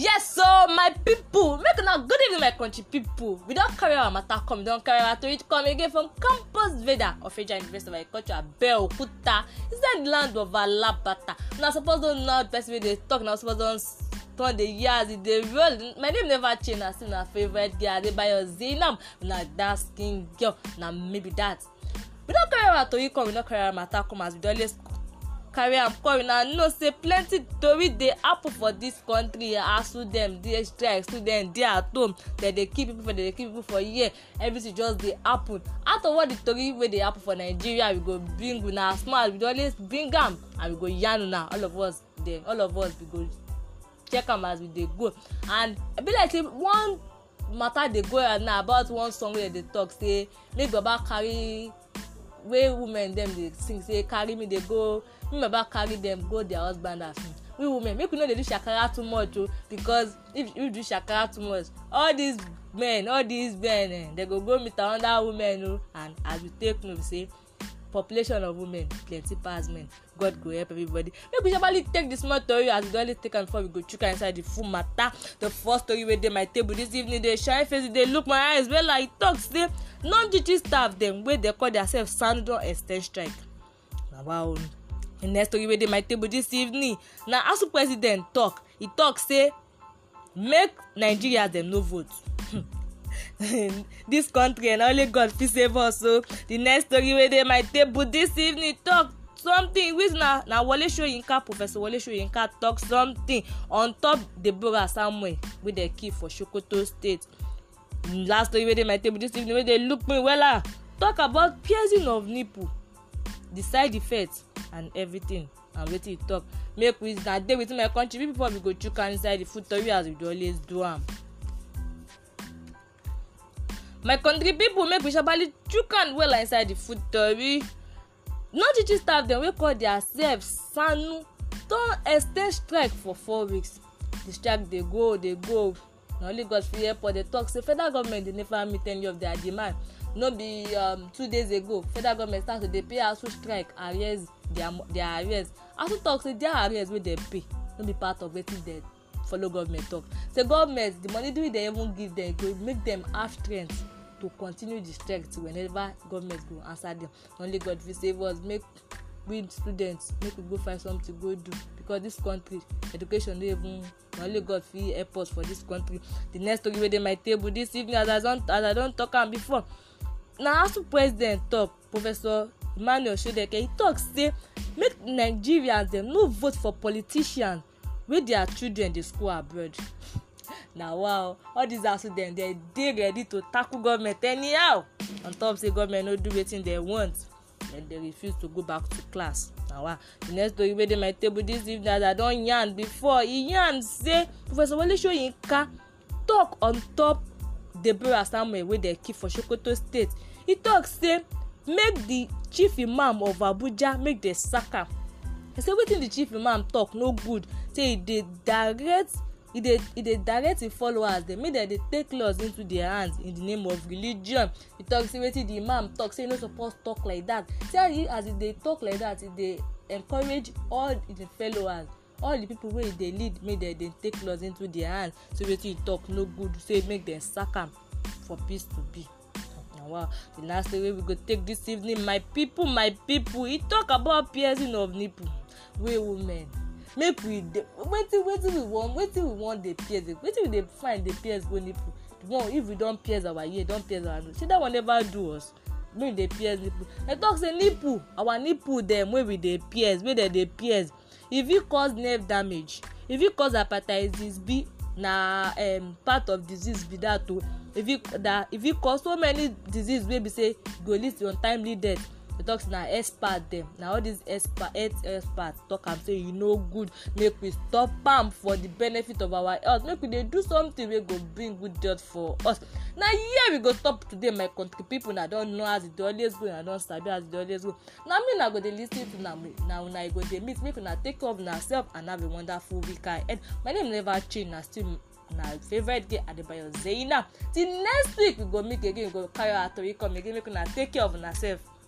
yes so my pipo make una good evening my country pipo we don carry our matter come we don carry our tori come again from campus veda of federal university of agriculture abeokuta inside the land of alabata una suppose don know the person wey dey talk na suppose don turn the years e dey roll my name never change na still na favourite girl adebayo zainab na dark skin girl na maybe that we don carry our tori come we don carry our matter come as we dey always carry am come una know say plenty tori dey happen for dis country hustle dem dey strike student dey at home dem dey kill people dem dey kill people for here everything just dey happen out of all the tori wey dey happen for nigeria we go bring una Smile, we dey always bring am and we go yarn una all of us dey all of us we go check am as we dey go and e be like say one matter dey go on now about one song wey dem dey talk say make baba carry wey women dem dey sing say carry me dey go me baba carry dem go their husband house we women make we no dey do shakara too much o because if we do shakara too much all these men all these men eh, dem go go meet another woman o and as we take know say population of women plenty pass men god go help everybody make we sharparly take the small tori as we don only take am before we go chook am inside the full matter the first tori wey dey my table this evening dey shine face dey look my eyes wella e talk say non-duty staff dem wey dey call theirself sanu don ex ten d strike na wa own the next tori wey dey my table this evening na asu president talk e talk say make nigerians dem no vote This country and only god fit save us So the next story wey dey my table this evening talk something which na na wole soyinka professor wole soyinka talk something on top deborah samuel wey dey kill for sokoto state last story wey dey my table this evening wey dey look me wella ah, talk about piercing of nipple the side effect and everything and wetin e talk make we na dey within my country we before we go chook hand inside the food tori as we dey always do am my country pipo make we sharparly chook hand wella inside di food tori no teaching staff dem wey call diasef sanu don ex ten d strike for four weeks di strike dey go dey go na only god fit help us dey talk say federal government dey never meet any of their demand no be um, two days ago federal government start to dey pay asu strike arrears their their arrears asu talk say their arrears wey dem pay no be part of wetin dem follow government talk say government the money wey dem even give dem go make dem have strength to continue the strike till whenever government go answer them only god fit save us make we students make we go find something go do because this country education no even na only god fit help us for this country the next story wey dey my table this evening as i don as i don talk am before na asu president talk professor emmanuel shodeke he talk say make nigerians dem no vote for politicians wey their children dey school abroad lawa o all these accidents students dem dey ready to tackle government anyhow on top say government no do wetin dem want dem dey refuse to go back to class na wa the next story wey dey my table this evening as i don yarn before e yarn say professor wole soyinka talk on top deborah samuel wey dem kill for sokoto state e talk say make the chief imam of abuja make dem sack am e say wetin the chief imam talk no good say e dey direct e dey e dey direct im followers dem make dem dey take laws into their hands in the name of religion e talk say wetin the imam talk say you no suppose talk like that see as e dey talk like that e dey encourage all the followers all the people wey e dey lead make dem dey take laws into their hands so wetin e talk no good say make dem sack am for peace to be na wow the last thing wey we go take this evening my people my people e talk about piercing of nipple wey women make we dey wetin wetin we wan wetin we wan dey pierce dey wetin we dey find dey pierce go nipple the one if we don pierce our ear don pierce our nose shey that one never do us no we dey pierce nipple dem talk say nipple our nipple dem wey we dey pierce wey dem dey pierce e fit cause nerve damage e fit cause hepatitis b na um, part of disease be that o e fit that e fit cause so many disease wey be say go lead to untimely death we talk say na expert dem na all these expert health experts talk am say e no good make we stop am for the benefit of our health make we dey do something wey go bring good health for us na here we go stop today my country people una don know as e dey always go una don sabi as e dey always go na me una go dey lis ten to una na una go dey meet make una take care of una sef and have a wonderful week ahead my name never change na still na favourite girl adebayo zainab till next week we go meet again we go carry our tori come again make una take care of una sef.